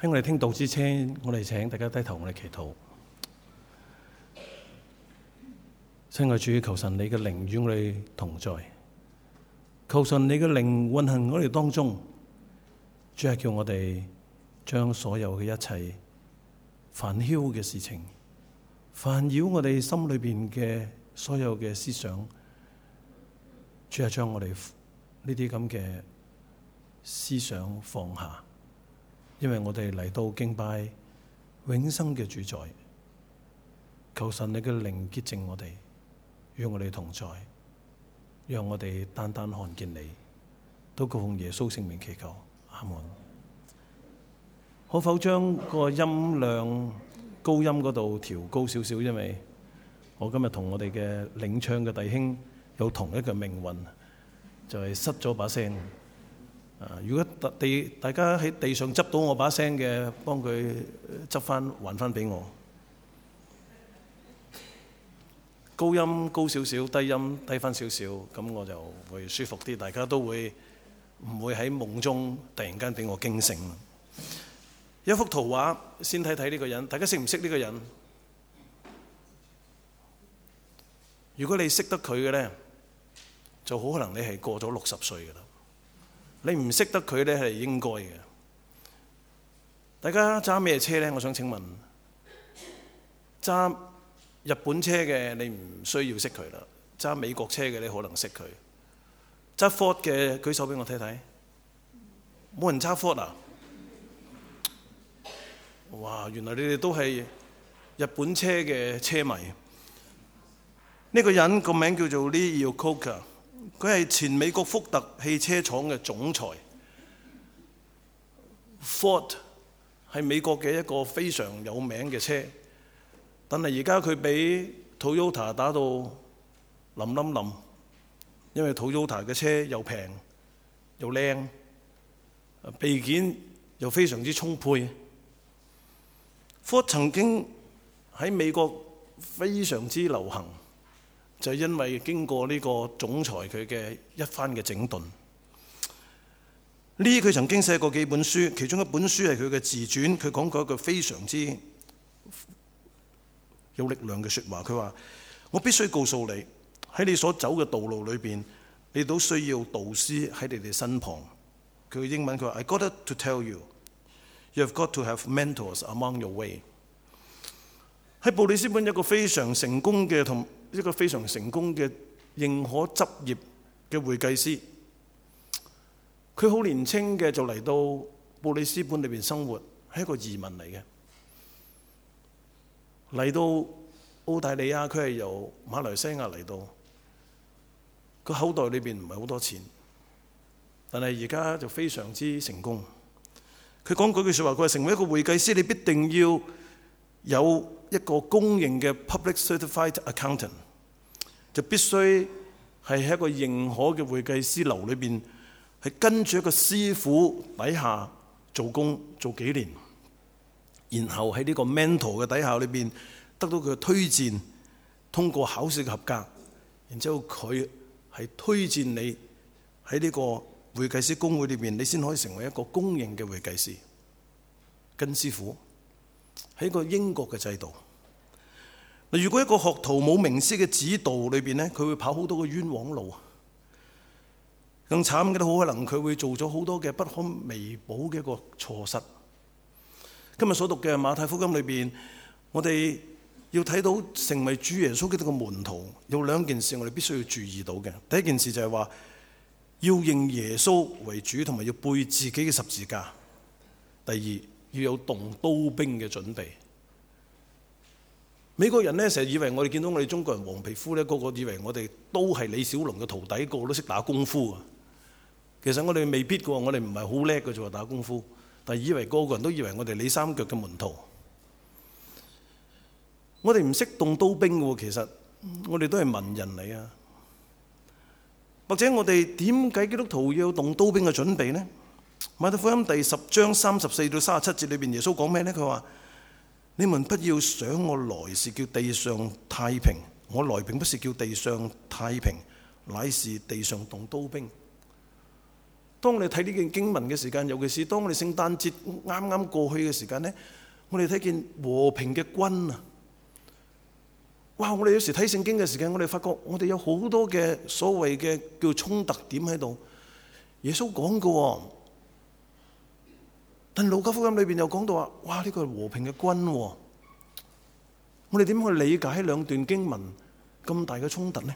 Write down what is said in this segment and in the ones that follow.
喺我哋聽道之前，我哋請大家低頭，我哋祈禱。親愛主，求神你嘅靈與我哋同在，求神你嘅靈運行我哋當中。主係叫我哋將所有嘅一切煩囂嘅事情、煩擾我哋心裏邊嘅所有嘅思想，主係將我哋呢啲咁嘅思想放下。因為我哋嚟到敬拜永生嘅主宰，求神你嘅靈潔正我哋，與我哋同在，讓我哋單單看見你，都告奉耶穌聖名祈求，阿門。可否將個音量高音嗰度調高少少？因為我今日同我哋嘅領唱嘅弟兄有同一個命運，就係、是、失咗把聲。如果大家喺地上執到我把聲嘅，幫佢執翻還翻俾我。高音高少少，低音低翻少少，咁我就會舒服啲。大家都會唔會喺夢中突然間俾我驚醒？一幅圖畫，先睇睇呢個人，大家識唔識呢個人？如果你識得佢嘅咧，就好可能你係過咗六十歲嘅啦。你唔識得佢咧係應該嘅。大家揸咩車咧？我想請問揸日本車嘅，你唔需要識佢啦。揸美國車嘅，你可能識佢。揸 Ford 嘅，舉手俾我睇睇。冇人揸 Ford 啊！哇，原來你哋都係日本車嘅車迷。呢個人個名叫做 Lee Iacocca。佢係前美國福特汽車廠嘅總裁，Ford 係美國嘅一個非常有名嘅車，但係而家佢俾 Toyota 打到冧冧冧，因為 Toyota 嘅車又平又靚，配件又非常之充沛。Ford 曾經喺美國非常之流行。就係、是、因為經過呢個總裁佢嘅一番嘅整頓，呢佢曾經寫過幾本書，其中一本書係佢嘅自傳，佢講過一句非常之有力量嘅說話，佢話：我必須告訴你，喺你所走嘅道路裏面，你都需要導師喺你哋身旁。佢嘅英文佢話：I got to tell you, you've got to have mentors among your way。喺布里斯本一個非常成功嘅同。一個非常成功嘅認可執業嘅會計師，佢好年輕嘅就嚟到布里斯本裏面生活，係一個移民嚟嘅。嚟到澳大利亞，佢係由馬來西亞嚟到，佢口袋裏面唔係好多錢，但係而家就非常之成功。佢講嗰句説話，佢係成為一個會計師，你必定要。有一個公認嘅 public certified accountant，就必須係喺一個認可嘅會計師樓裏邊，係跟住一個師傅底下做工做幾年，然後喺呢個 mentor 嘅底下裏邊得到佢嘅推薦，通過考試嘅合格，然之後佢係推薦你喺呢個會計師公會裏邊，你先可以成為一個公認嘅會計師。跟師傅。喺一個英國嘅制度，如果一個學徒冇名師嘅指導裏邊呢，佢會跑好多嘅冤枉路。更慘嘅都好可能佢會做咗好多嘅不可彌補嘅一個錯失。今日所讀嘅馬太福音裏邊，我哋要睇到成為主耶穌嘅一個門徒，有兩件事我哋必須要注意到嘅。第一件事就係話要認耶穌為主，同埋要背自己嘅十字架。第二。要有動刀兵嘅準備。美國人呢，成日以為我哋見到我哋中國人黃皮膚呢，個個以為我哋都係李小龍嘅徒弟，個個都識打功夫啊。其實我哋未必喎，我哋唔係好叻㗎咋喎。打功夫，但係以為個個人都以為我哋李三腳嘅門徒。我哋唔識動刀兵喎，其實我哋都係文人嚟啊。或者我哋點解基督徒要有動刀兵嘅準備呢？馬太福音第十章三十四到三十七節裏邊，耶穌講咩呢？佢話：你們不要想我來是叫地上太平，我來並不是叫地上太平，乃是地上動刀兵。當你睇呢件經文嘅時間，尤其是當我哋聖誕節啱啱過去嘅時間呢，我哋睇見和平嘅軍啊！哇！我哋有時睇聖經嘅時間，我哋發覺我哋有好多嘅所謂嘅叫衝突點喺度。耶穌講過、哦。但《老家福音》裏邊又講到話：哇！呢、這個係和平嘅君、哦。我哋點去理解兩段經文咁大嘅衝突呢？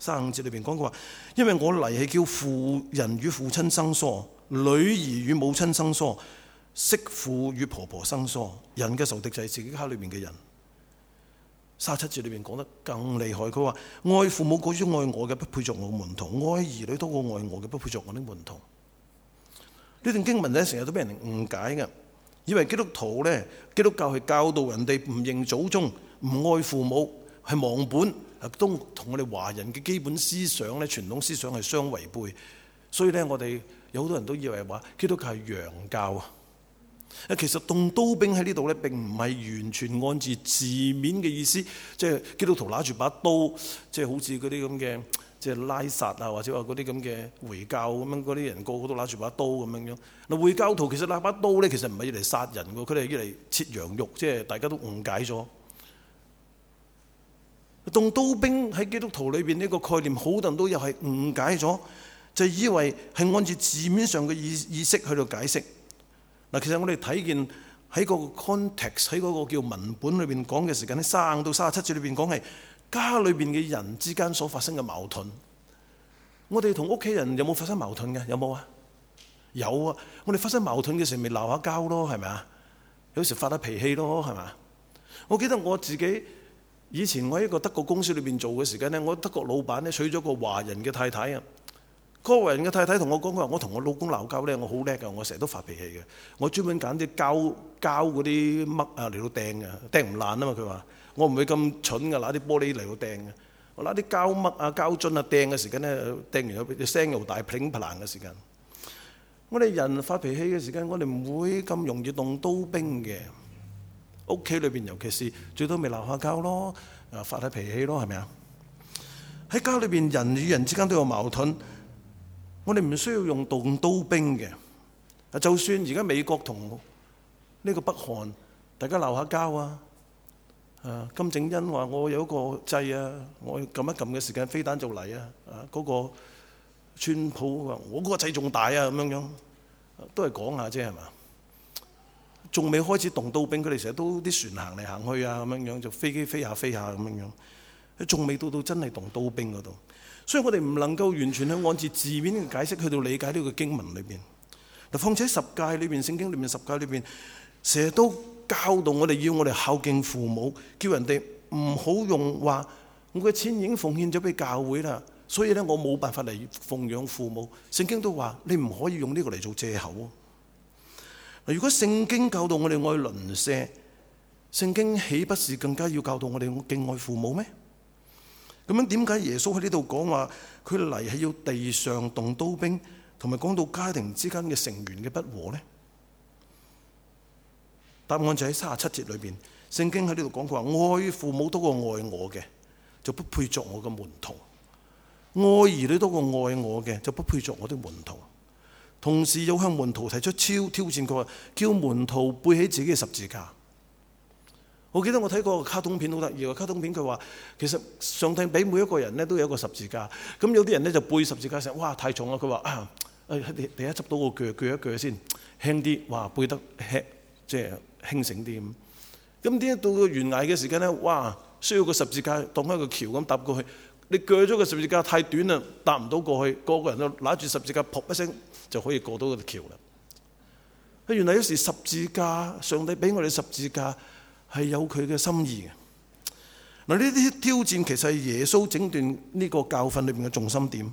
三五節裏邊講過，因為我嚟係叫人與父親生疏，女兒與母親生疏，媳婦與婆婆生疏。人嘅仇敵就係自己家裏面嘅人。三七節裏面講得更厲害，佢話：愛父母過於愛我嘅，不配做我門徒；愛兒女多過愛我嘅，不配做我的門徒。呢段經文咧，成日都俾人誤解嘅，以為基督徒呢，基督教係教導人哋唔認祖宗、唔愛父母，係忘本，都同我哋華人嘅基本思想呢，傳統思想係相違背。所以呢，我哋有好多人都以為話基督教係洋教啊。其實動刀兵喺呢度呢，並唔係完全按住字面嘅意思，即係基督徒攞住把刀，即係好似嗰啲咁嘅。即係拉薩啊，或者話嗰啲咁嘅回教咁樣，嗰啲人個個都攞住把刀咁樣樣。嗱，回教徒其實攞把刀咧，其實唔係要嚟殺人嘅，佢哋係要嚟切羊肉。即係大家都誤解咗。動刀兵喺基督徒裏邊呢個概念，好多人都又係誤解咗，就是、以為係按照字面上嘅意意識去度解釋。嗱，其實我哋睇見喺個 context 喺嗰個叫文本裏邊講嘅時間，呢三五到三十七節裏邊講係。家裏邊嘅人之間所發生嘅矛盾，我哋同屋企人有冇發生矛盾嘅？有冇啊？有啊！我哋發生矛盾嘅時咪鬧下交咯，係咪啊？有時發下脾氣咯，係咪？我記得我自己以前我喺一個德國公司裏邊做嘅時間咧，我德國老闆咧娶咗個華人嘅太太啊。嗰個華人嘅太太同我講佢話：我同我老公鬧交咧，我好叻嘅，我成日都發脾氣嘅，我專門揀啲膠膠嗰啲乜啊嚟到掟啊，掟唔爛啊嘛，佢話。我唔會咁蠢㗎，拿啲玻璃嚟到掟嘅。我拿啲膠乜啊、膠樽啊掟嘅時間咧，掟完有聲又大，乒砰嘅時間。我哋人發脾氣嘅時間，我哋唔會咁容易動刀兵嘅。屋企裏邊，尤其是最多咪鬧下交咯，啊發下脾氣咯，係咪啊？喺家裏邊，人與人之間都有矛盾。我哋唔需要用動刀兵嘅。就算而家美國同呢個北韓，大家鬧下交啊！誒金正恩話：我有一個掣啊，我撳一撳嘅時間飛彈就嚟啊！啊、那、嗰個川普話：我嗰個掣仲大啊！咁樣樣都係講下啫，係嘛？仲未開始動刀兵，佢哋成日都啲船行嚟行去啊，咁樣樣就飛機飛下飛下咁樣樣，佢仲未到到真係動刀兵嗰度，所以我哋唔能夠完全去按住字面嘅解釋去到理解呢個經文裏邊。但況且十誡裏邊聖經裏面十誡裏邊成日都教導我哋要我哋孝敬父母，叫人哋唔好用話我嘅錢已經奉獻咗俾教會啦，所以咧我冇辦法嚟奉養父母。聖經都話你唔可以用呢個嚟做借口。嗱，如果聖經教導我哋愛鄰舍，聖經豈不是更加要教導我哋敬愛父母咩？咁樣點解耶穌喺呢度講話佢嚟係要地上動刀兵，同埋講到家庭之間嘅成員嘅不和呢？答案就喺三十七節裏邊，聖經喺呢度講佢話：愛父母多過愛我嘅，就不配作我嘅門徒；愛兒女多過愛我嘅，就不配作我嘅門徒。同時又向門徒提出超挑戰，佢話叫門徒背起自己嘅十字架。我記得我睇過卡通片好得意，卡通片佢話其實上帝俾每一個人咧都有一個十字架，咁有啲人呢就背十字架成，哇太重啦。佢話啊，你、哎、你一執到一個鋸鋸一鋸先輕啲，哇背得輕。即係清醒啲咁，點解到個懸崖嘅時間呢？哇！需要個十字架當一個橋咁搭過去，你鋸咗個十字架太短啦，搭唔到過去。個個人都拿住十字架，撲一聲就可以過到個橋啦。原來有時十字架，上帝俾我哋十字架係有佢嘅心意嘅。嗱，呢啲挑戰其實係耶穌整段呢個教訓裏邊嘅重心點。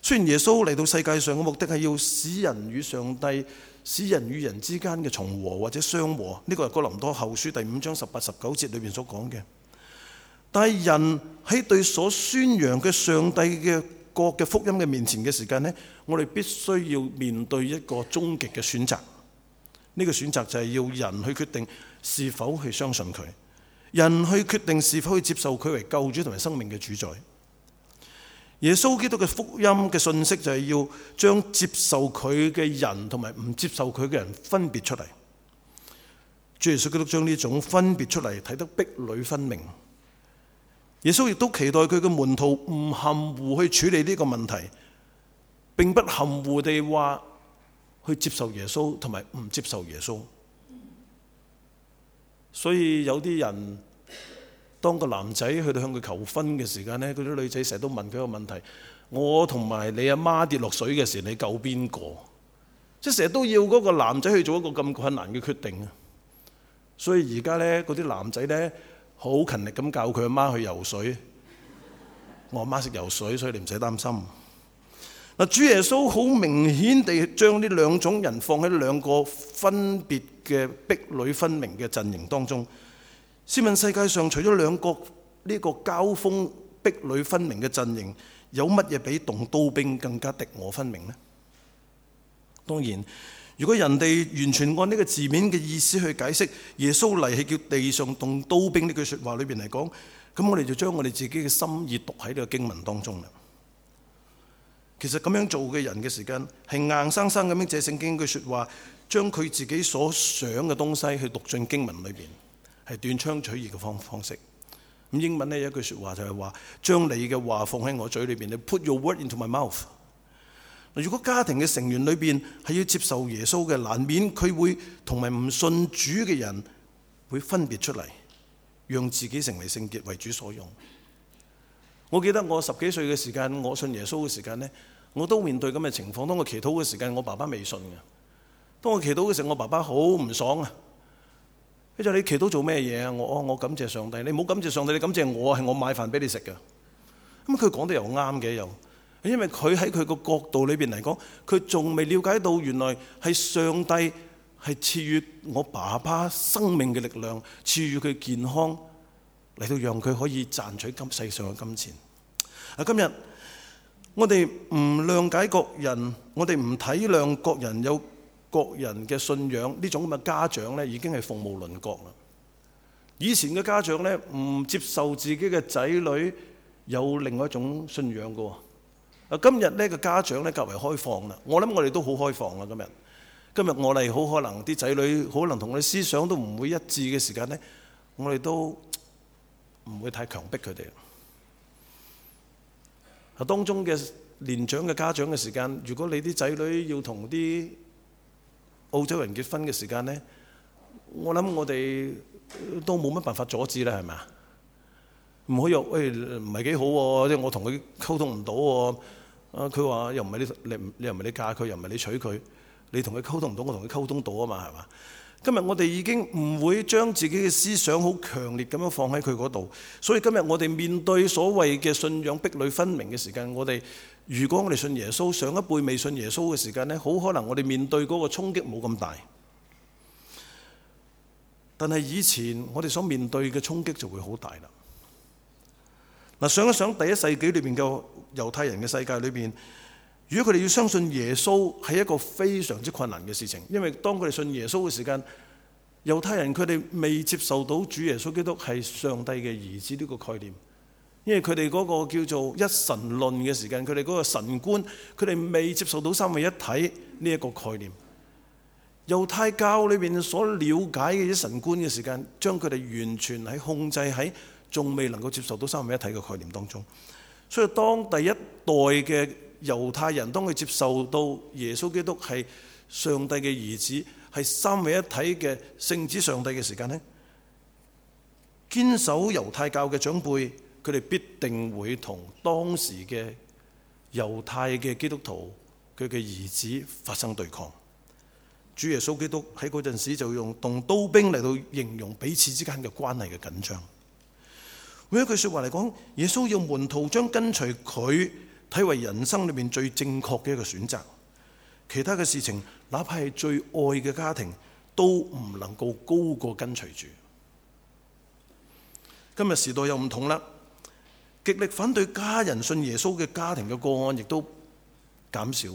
雖然耶穌嚟到世界上嘅目的係要使人與上帝。使人與人之間嘅重和或者相和，呢個係哥林多後書第五章十八十九節裏面所講嘅。但係人喺對所宣揚嘅上帝嘅國嘅福音嘅面前嘅時間呢，我哋必須要面對一個終極嘅選擇。呢個選擇就係要人去決定是否去相信佢，人去決定是否去接受佢為救主同埋生命嘅主宰。耶穌基督嘅福音嘅信息就係要將接受佢嘅人同埋唔接受佢嘅人分別出嚟。主耶穌基督將呢種分別出嚟睇得壁壘分明。耶穌亦都期待佢嘅門徒唔含糊去處理呢個問題，並不含糊地話去接受耶穌同埋唔接受耶穌。所以有啲人。當個男仔去到向佢求婚嘅時間呢，嗰啲女仔成日都問佢個問題：我同埋你阿媽跌落水嘅時候，你救邊個？即係成日都要嗰個男仔去做一個咁困難嘅決定。所以而家呢，嗰啲男仔呢，好勤力咁教佢阿媽去游水。我阿媽識游水，所以你唔使擔心。嗱，主耶穌好明顯地將呢兩種人放喺兩個分別嘅壁壘分明嘅陣營當中。試問世界上除咗兩國呢個交鋒、壁壘分明嘅陣營，有乜嘢比動刀兵更加敵我分明呢？當然，如果人哋完全按呢個字面嘅意思去解釋耶穌嚟係叫地上動刀兵呢句說話裏邊嚟講，咁我哋就將我哋自己嘅心意讀喺呢個經文當中啦。其實咁樣做嘅人嘅時間，係硬生生咁樣借聖經句說話，將佢自己所想嘅東西去讀進經文裏邊。係斷章取義嘅方方式。英文呢有一句説話就係話：將你嘅話放喺我嘴裏面，你 put your word into my mouth。如果家庭嘅成員裏面係要接受耶穌嘅，難免佢會同埋唔信主嘅人會分別出嚟，讓自己成為聖潔為主所用。我記得我十幾歲嘅時間，我信耶穌嘅時間呢，我都面對咁嘅情況。當我祈禱嘅時間，我爸爸未信嘅。當我祈禱嘅時候，我爸爸好唔爽啊！你就你祈禱做咩嘢啊？我我我感謝上帝，你唔好感謝上帝，你感謝我，係我買飯俾你食噶。咁佢講得又啱嘅又，因為佢喺佢個角度裏邊嚟講，佢仲未了解到原來係上帝係賜予我爸爸生命嘅力量，賜予佢健康嚟到讓佢可以賺取今世上嘅金錢。啊，今日我哋唔諒解各人，我哋唔體諒各人有各人嘅信仰，呢種咁嘅家長呢，已經係鳳毛麟角啦。以前嘅家長呢，唔接受自己嘅仔女有另外一種信仰噶。啊，今日呢個家長呢，較為開放啦。我諗我哋都好開放啊。今日，今日我哋好可能啲仔女可能同我哋思想都唔會一致嘅時間呢，我哋都唔會太強迫佢哋。啊，當中嘅年長嘅家長嘅時間，如果你啲仔女要同啲……澳洲人結婚嘅時間呢，我諗我哋都冇乜辦法阻止啦，係咪？唔可以話，喂，唔係幾好，即係我同佢溝通唔到喎。啊，佢話又唔係你，你你又唔係你嫁佢，又唔係你娶佢，你同佢溝通唔到，我同佢溝通到啊嘛，係嘛？今日我哋已經唔會將自己嘅思想好強烈咁樣放喺佢嗰度，所以今日我哋面對所謂嘅信仰壁壘分明嘅時間，我哋如果我哋信耶穌，上一輩未信耶穌嘅時間呢，好可能我哋面對嗰個衝擊冇咁大。但係以前我哋所面對嘅衝擊就會好大啦。嗱，想一想第一世紀裏面嘅猶太人嘅世界裏邊。如果佢哋要相信耶穌係一個非常之困難嘅事情，因為當佢哋信耶穌嘅時間，猶太人佢哋未接受到主耶穌基督係上帝嘅兒子呢個概念，因為佢哋嗰個叫做一神論嘅時間，佢哋嗰個神觀，佢哋未接受到三位一體呢一個概念。猶太教裏邊所了解嘅一神觀嘅時間，將佢哋完全係控制喺仲未能夠接受到三位一體嘅概念當中。所以當第一代嘅猶太人，當佢接受到耶穌基督係上帝嘅兒子，係三位一體嘅聖子上帝嘅時間呢，堅守猶太教嘅長輩，佢哋必定會同當時嘅猶太嘅基督徒佢嘅兒子發生對抗。主耶穌基督喺嗰陣時就用動刀兵嚟到形容彼此之間嘅關係嘅緊張。每一句說話嚟講，耶穌要門徒將跟隨佢。睇為人生裏面最正確嘅一個選擇，其他嘅事情，哪怕係最愛嘅家庭，都唔能夠高過跟隨主。今日時代又唔同啦，極力反對家人信耶穌嘅家庭嘅個案亦都減少，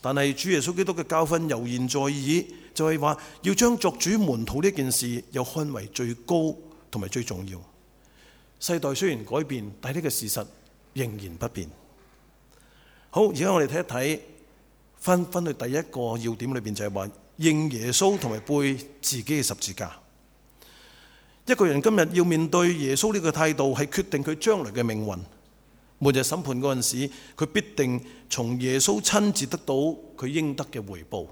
但係主耶穌基督嘅教訓猶然在耳，就係、是、話要將作主門徒呢件事又看為最高同埋最重要。世代雖然改變，但係呢個事實。仍然不變。好，而家我哋睇一睇，翻翻去第一個要點裏邊就係話認耶穌同埋背自己嘅十字架。一個人今日要面對耶穌呢個態度，係決定佢將來嘅命運。末日審判嗰陣時，佢必定從耶穌親自得到佢應得嘅回報。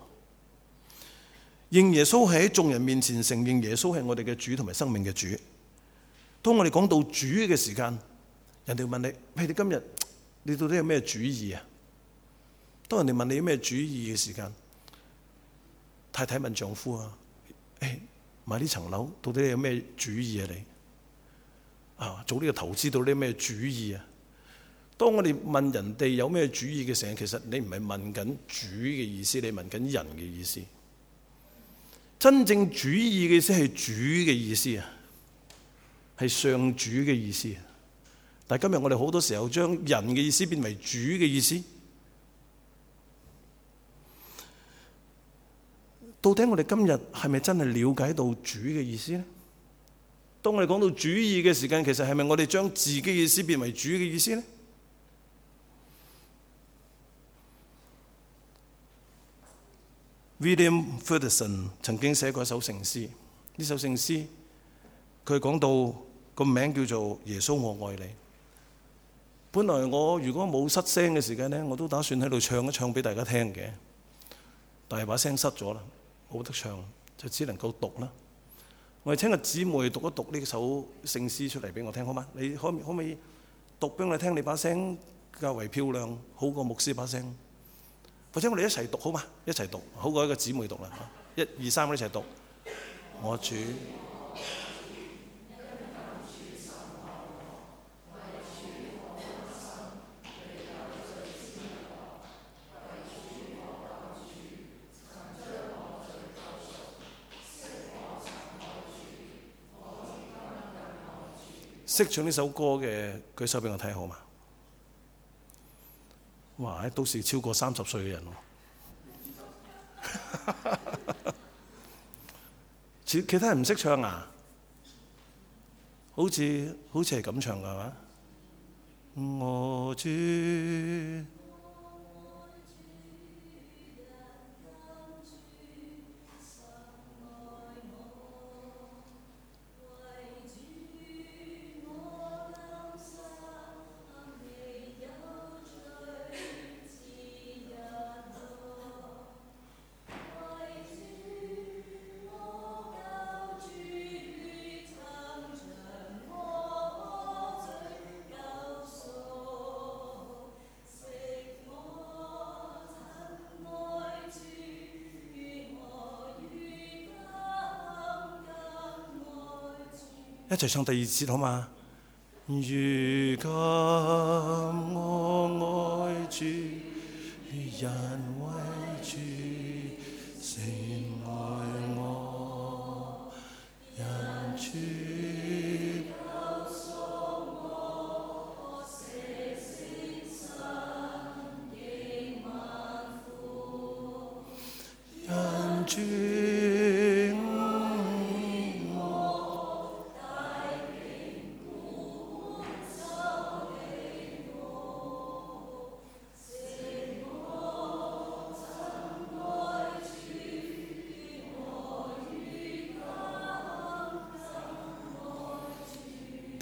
認耶穌係喺眾人面前承認耶穌係我哋嘅主同埋生命嘅主。當我哋講到主嘅時間。人哋問你，你今日你到底有咩主意啊？當人哋問你有咩主意嘅時間，太太問丈夫啊，誒、哎，買呢層樓到底，你、啊你啊、到底有咩主意啊？你啊，做呢個投資到底有咩主意啊？當我哋問人哋有咩主意嘅時候，其實你唔係問緊主嘅意思，你問緊人嘅意思。真正主意嘅意思係主嘅意思啊，係上主嘅意思。但今日我哋好多時候將人嘅意思變為主嘅意思，到底我哋今日係咪真係了解到主嘅意思咧？當我哋講到主意嘅時間，其實係咪我哋將自己嘅意思變為主嘅意思咧？William Fudderson 曾經寫過一首聖詩，呢首聖詩佢講到個名叫做《耶穌，我愛你》。本來我如果冇失聲嘅時間呢，我都打算喺度唱一唱俾大家聽嘅，但係把聲失咗啦，冇得唱，就只能夠讀啦。我哋請個姊妹讀一讀呢首聖詩出嚟俾我聽，好嗎？你可唔可唔可以讀俾我哋聽？你把聲較為漂亮，好過牧師把聲。或者我哋一齊讀好嗎？一齊讀，好過一個姊妹讀啦。一、二、三，一齊讀。我主。識唱呢首歌嘅舉手俾我睇好嘛？哇！都是超過三十歲嘅人喎，其其他人唔識唱啊？好似好似係咁唱㗎係嘛？我知。一齊唱第二節好嗎？如今我愛住人。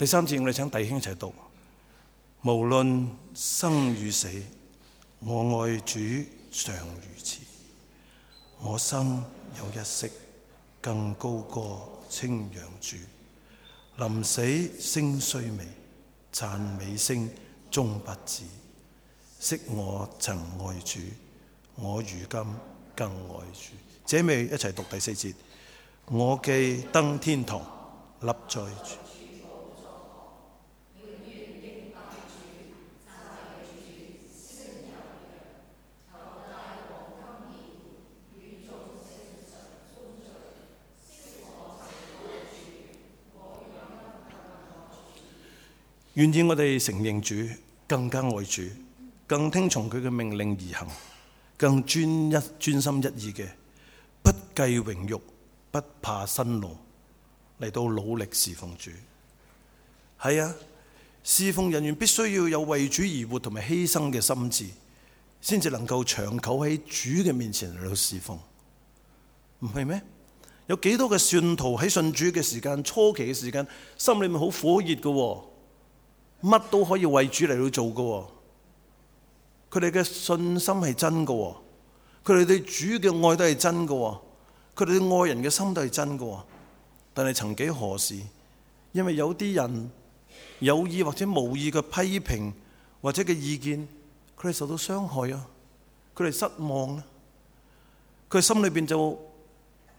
第三節，我哋請弟兄一齊讀。無論生與死，我愛主常如此。我生有一息，更高過青羊主。臨死聲雖微，讚美聲終不止。惜我曾愛主，我如今更愛主。姐妹一齊讀第四節。我既登天堂，立在主。願意我哋承認主，更加愛主，更聽從佢嘅命令而行，更專一，專心一意嘅，不計榮辱，不怕辛勞，嚟到努力侍奉主。係啊，侍奉人員必須要有為主而活同埋犧牲嘅心智，先至能夠長久喺主嘅面前嚟到侍奉，唔係咩？有幾多嘅信徒喺信主嘅時間初期嘅時間，心裏面好火熱嘅啊。乜都可以為主嚟到做㗎喎，佢哋嘅信心係真㗎喎，佢哋對主嘅愛都係真㗎喎，佢哋對愛人嘅心都係真㗎喎。但係曾幾何時，因為有啲人有意或者無意嘅批評或者嘅意見，佢哋受到傷害啊，佢哋失望啊，佢哋心裏邊就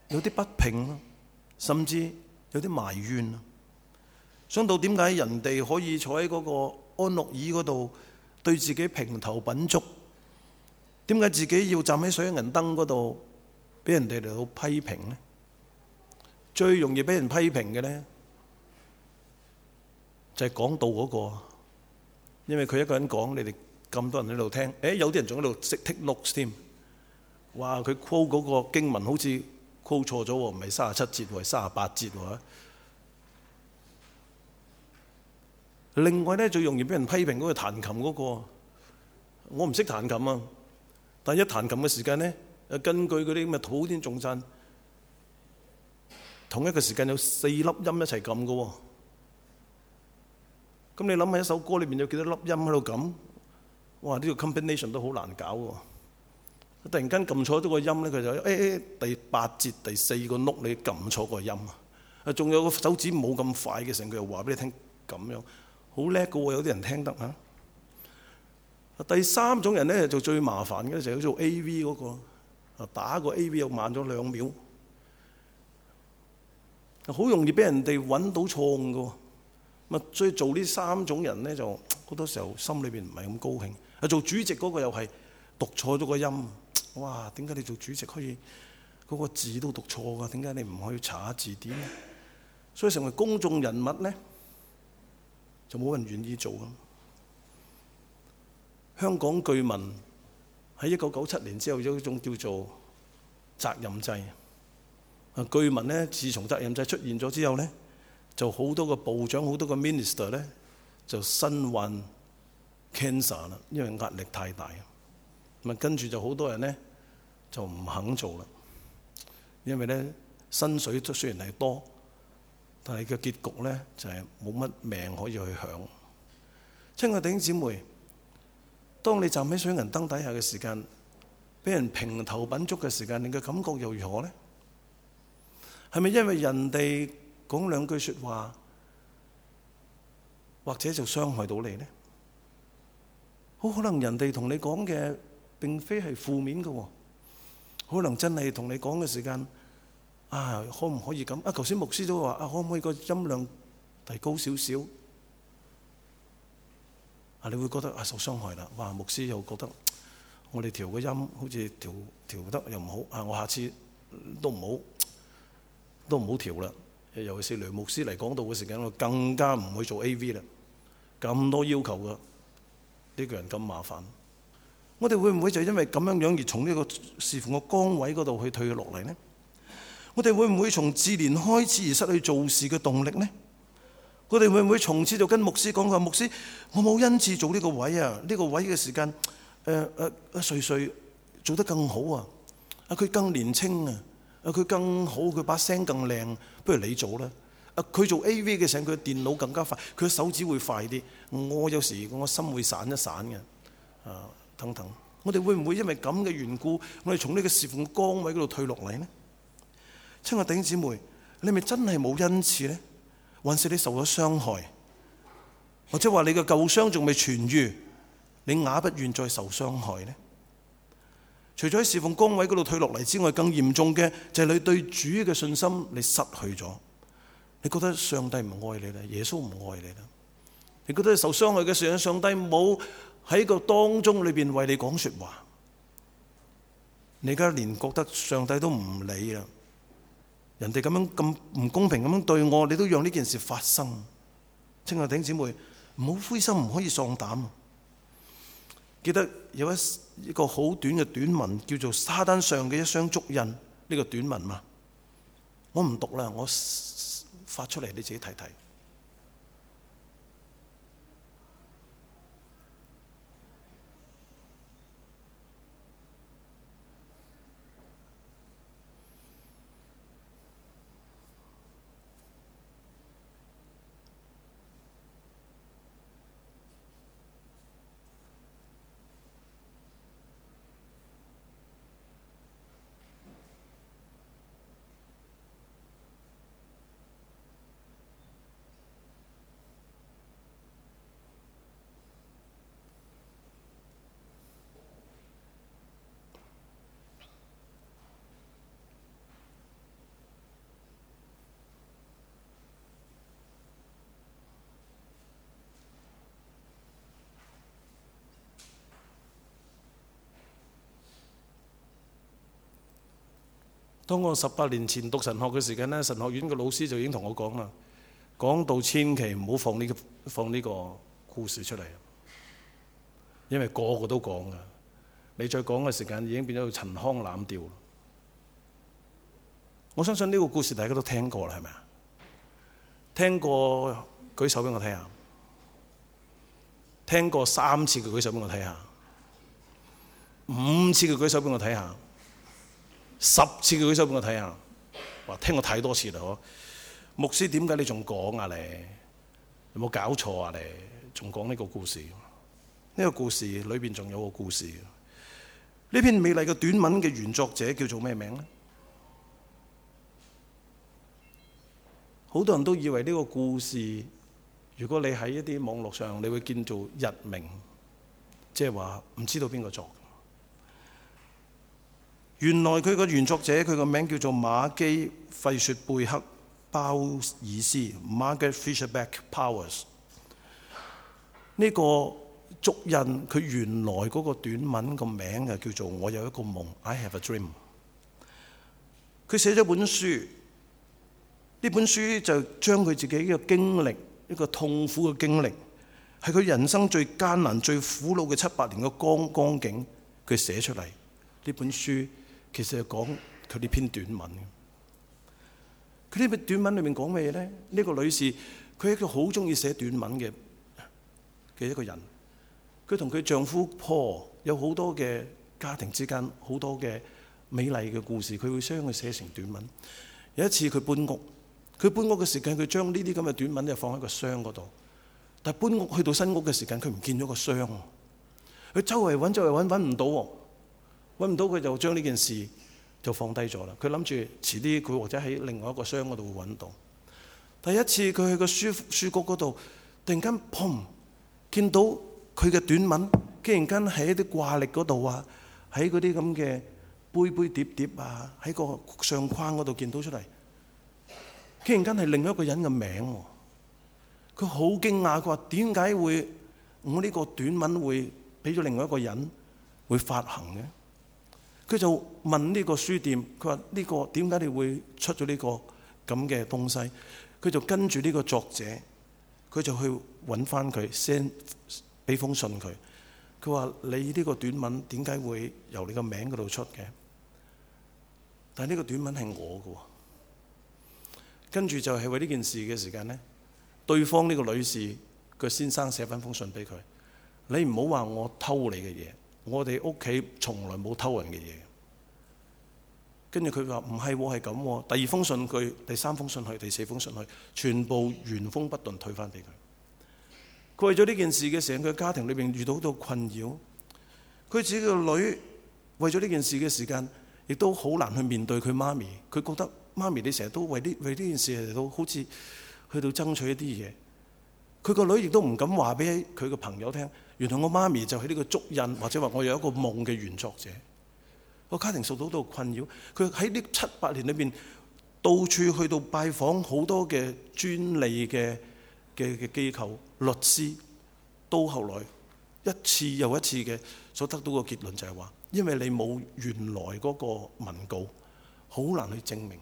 有啲不平啊，甚至有啲埋怨啊。想到點解人哋可以坐喺嗰個安樂椅嗰度對自己評頭品足，點解自己要站喺水銀燈嗰度俾人哋嚟到批評呢？最容易俾人批評嘅呢，就係講道嗰個，因為佢一個人講，你哋咁多人喺度聽，誒、欸、有啲人仲喺度識 take notes 添。哇！佢 call 嗰個經文好似 call 錯咗，唔係三十七節，係三十八節喎。另外咧，最容易俾人批評嗰個，彈琴嗰個，我唔識彈琴啊。但係一彈琴嘅時間咧，誒，根據嗰啲咁嘅土天重山，同一個時間有四粒音一齊撳嘅。咁你諗下一首歌裏面有幾多粒音喺度撳？哇！呢個 combination 都好難搞喎。突然間撳錯咗個音咧，佢就誒，第八節第四個 note 你撳錯個音啊！仲有個手指冇咁快嘅成，佢又話俾你聽咁樣。好叻㗎喎，有啲人聽得吓。第三種人咧就最麻煩嘅，就係做 AV 嗰個，啊，打個 AV 又慢咗兩秒，好容易俾人哋揾到錯誤㗎。咁啊，所以做呢三種人咧，就好多時候心裏邊唔係咁高興。啊，做主席嗰個又係讀錯咗個音，哇！點解你做主席可以嗰個字都讀錯㗎？點解你唔可以查字典？所以成為公眾人物咧，就冇人願意做啊！香港據聞喺一九九七年之後有一種叫做責任制。據聞咧，自從責任制出現咗之後咧，就好多個部長、好多個 minister 咧就身患 cancer 啦，因為壓力太大啊。跟住就好多人咧就唔肯做啦，因為咧薪水雖然係多。但係嘅結局呢，就係冇乜命可以去享。親愛嘅弟兄姊妹，當你站喺水銀燈底下嘅時間，俾人平頭品足嘅時間，你嘅感覺又如何呢？係咪因為人哋講兩句説話，或者就傷害到你呢？好可能人哋同你講嘅並非係負面嘅喎，可能真係同你講嘅時間。啊，可唔可以咁？啊，頭先牧師都話啊，可唔可以個音量提高少少？啊，你會覺得啊，受傷害啦！哇，牧師又覺得我哋調個音好似調調得又唔好啊，我下次都唔好都唔好調啦。尤其是雷牧師嚟講道嘅時間，我更加唔會做 AV 啦。咁多要求嘅呢個人咁麻煩，我哋會唔會就因為咁樣樣而從呢個視乎個崗位嗰度去退落嚟呢？我哋會唔會從自憐開始而失去做事嘅動力呢？我哋會唔會從此就跟牧師講話，牧師，我冇恩賜做呢個位啊！呢、這個位嘅時間，誒誒啊，瑞、呃、瑞做得更好啊！啊，佢更年輕啊！啊，佢更好，佢把聲更靚，不如你做啦！啊，佢做 A.V. 嘅時候，佢電腦更加快，佢嘅手指會快啲。我有時我心會散一散嘅，啊，等等。我哋會唔會因為咁嘅緣故，我哋從呢個事奉崗位嗰度退落嚟呢？親我弟兄姊妹，你咪真係冇恩賜咧？還是你受咗傷害，或者話你嘅舊傷仲未痊愈，你啞不願再受傷害咧？除咗喺侍奉崗位嗰度退落嚟之外，更嚴重嘅就係你對主嘅信心你失去咗。你覺得上帝唔愛你啦，耶穌唔愛你啦？你覺得你受傷害嘅時候，上帝冇喺個當中裏邊為你講說話，你而家連覺得上帝都唔理啦。.人哋咁樣這不唔公平咁樣對我，你都讓呢件事發生。親愛嘅弟兄姊妹，唔好灰心，唔可以喪膽。記得有一,一個好短嘅短文，叫做《沙灘上嘅一雙足印》呢、這個短文嘛，我唔讀喇，我發出嚟你自己睇睇。當我十八年前讀神學嘅時間，神學院嘅老師就已經同我講啦，講到千祈唔好放呢個放呢個故事出嚟，因為個個都講㗎，你再講嘅時間已經變咗陳腔濫調。我相信呢個故事大家都聽過啦，係咪啊？聽過舉手俾我睇下，聽過三次嘅舉手俾我睇下，五次嘅舉手俾我睇下。十次佢舉手俾我睇下，話聽我睇多次啦。嗬！牧師點解你仲講啊？你有冇搞錯啊？你仲講呢個故事？呢個故事裏邊仲有個故事。呢篇美麗嘅短文嘅原作者叫做咩名呢？好多人都以為呢個故事，如果你喺一啲網絡上，你會見做佚名，即係話唔知道邊個作。原來佢個原作者佢個名叫做馬基費雪貝克包爾斯 （Margaret Fisherback Powers）。呢、這個足印佢原來嗰個短文個名就叫做《我有一個夢》（I Have a Dream）。佢寫咗本書，呢本書就將佢自己嘅經歷、一個痛苦嘅經歷，係佢人生最艱難、最苦惱嘅七八年嘅光光景，佢寫出嚟呢本書。其實係講佢呢篇短文。佢呢篇短文裏面講咩嘢咧？呢個女士，佢係一個好中意寫短文嘅嘅一個人。佢同佢丈夫 Paul 有好多嘅家庭之間好多嘅美麗嘅故事，佢會將佢寫成短文。有一次佢搬屋，佢搬屋嘅時間，佢將呢啲咁嘅短文就放喺個箱嗰度。但係搬屋去到新屋嘅時間，佢唔見咗個箱。佢周圍揾，周圍揾，揾唔到。揾唔到，佢就將呢件事就放低咗啦。佢諗住遲啲佢或者喺另外一個箱嗰度會揾到。第一次佢去個書書局嗰度，突然間砰見到佢嘅短文，竟然間喺啲掛歷嗰度啊，喺嗰啲咁嘅杯杯碟碟啊，喺個相框嗰度見到出嚟。竟然間係另外一個人嘅名字，佢好驚訝。佢話點解會我呢個短文會俾咗另外一個人會發行嘅？佢就問呢個書店，佢話：呢、呢個點解你會出咗、呢、呢個咁嘅東西？佢就跟住呢個作者，佢就去揾翻佢 send 俾封信佢。佢話：你呢個短文點解會由你個名嗰度出嘅？但係呢個短文係我嘅。跟住就係為呢件事嘅時間呢，對方呢個女士個先生寫翻封信俾佢：你唔好話我偷你嘅嘢。我哋屋企從來冇偷人嘅嘢，跟住佢話唔係，我係咁。第二封信佢，第三封信佢，第四封信佢，全部原封不動退翻俾佢。佢為咗呢件事嘅成個家庭裏邊遇到好多困擾，佢自己個女為咗呢件事嘅時間，亦都好難去面對佢媽咪。佢覺得媽咪你成日都為呢為呢件事嚟到，好似去到爭取一啲嘢。佢個女亦都唔敢話俾佢個朋友聽。原來我媽咪就係呢個足印，或者話我有一個夢嘅原作者。個家庭受到好多困擾。佢喺呢七八年裏邊，到處去到拜訪好多嘅專利嘅嘅嘅機構、律師，到後來一次又一次嘅所得到嘅結論就係話：因為你冇原來嗰個文稿，好難去證明。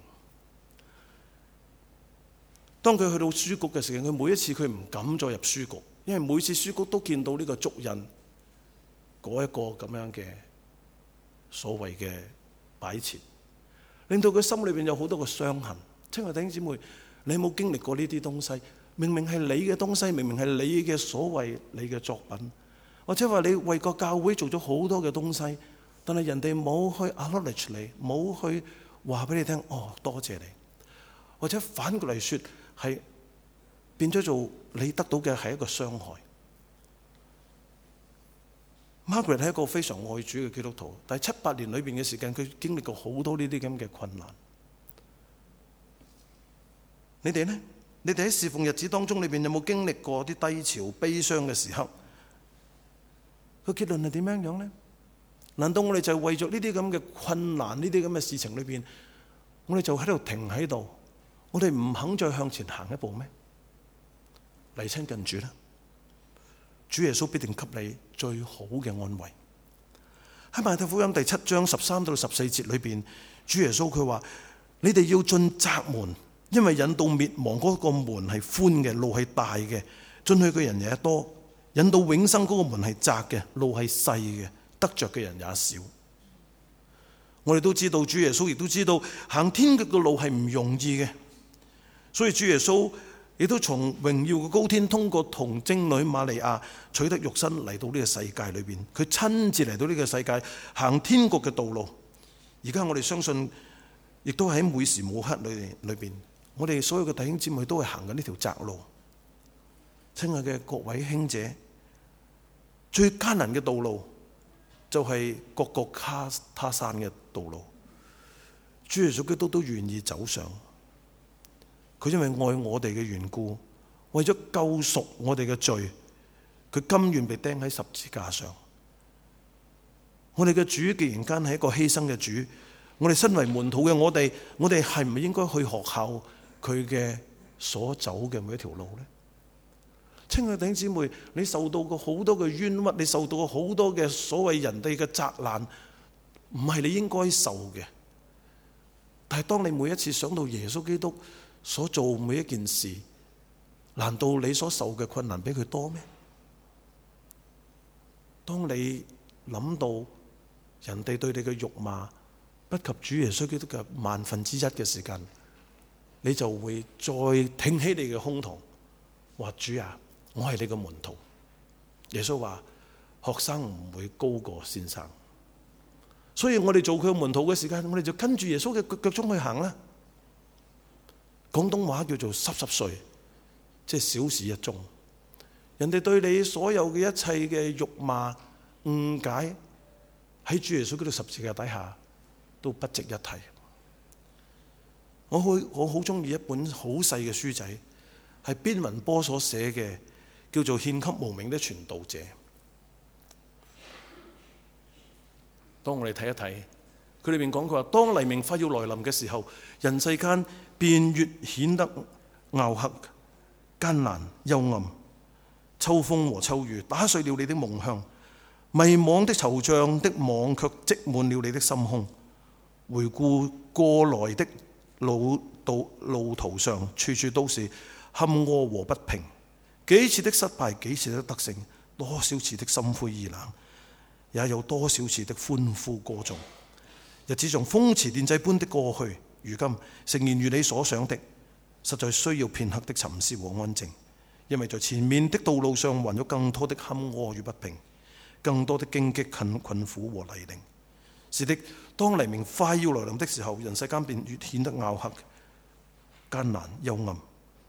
當佢去到書局嘅時候，佢每一次佢唔敢再入書局。因為每次書局都見到呢個足印，嗰一個咁樣嘅所謂嘅擺設，令到佢心裏面有好多個傷痕。親愛弟兄姊妹，你有冇經歷過呢啲東西？明明係你嘅東西，明明係你嘅所謂你嘅作品，或者話你為個教會做咗好多嘅東西，但係人哋冇去 acknowledge 你，冇去話俾你聽，哦，多謝你。或者反過嚟說係。是變咗做你得到嘅係一個傷害。Margaret 係一個非常愛主嘅基督徒，但係七八年裏邊嘅時間，佢經歷過好多呢啲咁嘅困難。你哋呢？你哋喺侍奉日子當中裏邊有冇經歷過啲低潮、悲傷嘅時刻？個結論係點樣樣呢？難道我哋就係為咗呢啲咁嘅困難、呢啲咁嘅事情裏邊，我哋就喺度停喺度，我哋唔肯再向前行一步咩？嚟親近主啦，主耶穌必定給你最好嘅安慰。喺馬太福音第七章十三到十四節裏邊，主耶穌佢話：你哋要進窄門，因為引到滅亡嗰個門係寬嘅，路係大嘅，進去嘅人也多；引到永生嗰個門係窄嘅，路係細嘅，得着嘅人也少。我哋都知道，主耶穌亦都知道，行天嘅個路係唔容易嘅，所以主耶穌。亦都從榮耀嘅高天通過童貞女瑪利亞取得肉身嚟到呢個世界裏邊，佢親自嚟到呢個世界行天國嘅道路。而家我哋相信，亦都喺每時每刻裏邊，我哋所有嘅弟兄姊妹都係行緊呢條窄路。親愛嘅各位兄姐，最艱難嘅道路就係各各卡他山嘅道路。主耶穌基督都願意走上。佢因為愛我哋嘅緣故，為咗救贖我哋嘅罪，佢甘願被釘喺十字架上。我哋嘅主，既然間係一個犧牲嘅主。我哋身為門徒嘅我哋，我哋係唔係應該去學效佢嘅所走嘅每一條路呢？親愛弟兄姊妹，你受到過好多嘅冤屈，你受到過好多嘅所謂人哋嘅責難，唔係你應該受嘅。但係當你每一次想到耶穌基督，所做每一件事，難道你所受嘅困難比佢多咩？當你諗到人哋對你嘅辱罵不及主耶穌基督嘅萬分之一嘅時間，你就會再挺起你嘅胸膛，話主啊，我係你嘅門徒。耶穌話：學生唔會高過先生，所以我哋做佢門徒嘅時間，我哋就跟住耶穌嘅腳腳蹤去行啦。廣東話叫做濕濕碎，即係小事一宗。便越顯得暗黑、艱難、幽暗。秋風和秋雨打碎了你的夢鄉，迷惘的惆悵的網卻積滿了你的心胸。回顧過來的路道路途上，處處都是坎坷和不平。幾次的失敗，幾次的得勝，多少次的心灰意冷，也有多少次的歡呼歌頌。日子像風馳電掣般的過去。如今，誠然如你所想的，實在需要片刻的沉思和安靜，因為在前面的道路上還有更多的坎坷與不平，更多的荊棘、困困苦和泥濘，是的，當黎明快要來臨的時候，人世間便越顯得拗黑、艱難幽暗。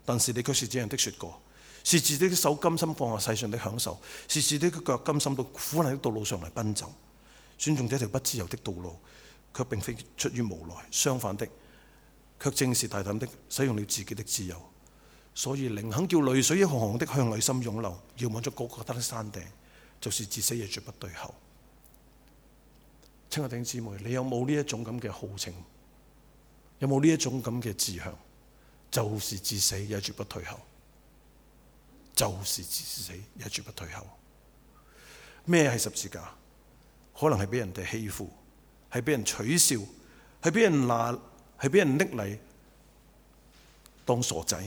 但是你卻是這樣的說過，是自己的手甘心放下世上的享受，是自己的腳甘心到苦難的道路上嚟奔走，選中這條不自由的道路，卻並非出於無奈。相反的，卻正是大膽的使用了自己的自由，所以寧肯叫淚水一行行的向內心湧流，遙望足個個得的山頂，就是至死也絕不退後。親愛的姊妹，你有冇呢一種咁嘅豪情？有冇呢一種咁嘅志向？就是至死也絕不退後，就是至死也絕不退後。咩係十字架？可能係俾人哋欺負，係俾人取笑，係俾人拿。係俾人拎嚟當傻仔，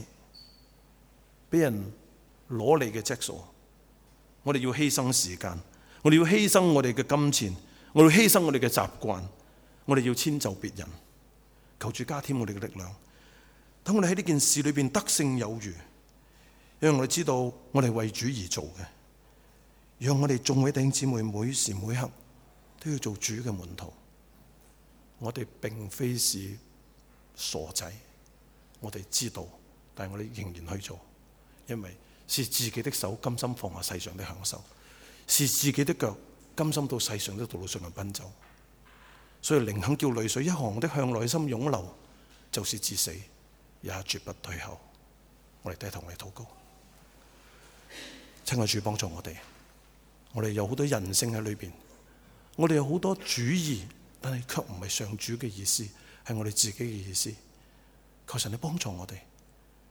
俾人攞嚟嘅執傻。我哋要犧牲時間，我哋要犧牲我哋嘅金錢，我哋要犧牲我哋嘅習慣，我哋要遷就別人，求主加添我哋嘅力量。等我哋喺呢件事裏邊得勝有餘，讓我哋知道我哋為主而做嘅，讓我哋眾位弟兄姊妹每時每刻都要做主嘅門徒。我哋並非是。傻仔，我哋知道，但係我哋仍然去做，因為是自己的手甘心放下世上的享受，是自己的腳甘心到世上的道路上面奔走，所以寧肯叫淚水一行的向內心湧流，就是至死也絕不退後。我哋都同你禱告，親愛主幫助我哋。我哋有好多人性喺裏邊，我哋有好多主意，但係卻唔係上主嘅意思。係我哋自己嘅意思，求神你幫助我哋，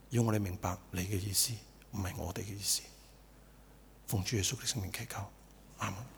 要我哋明白你嘅意思，唔係我哋嘅意思。奉主耶穌嘅聖名祈求，阿門。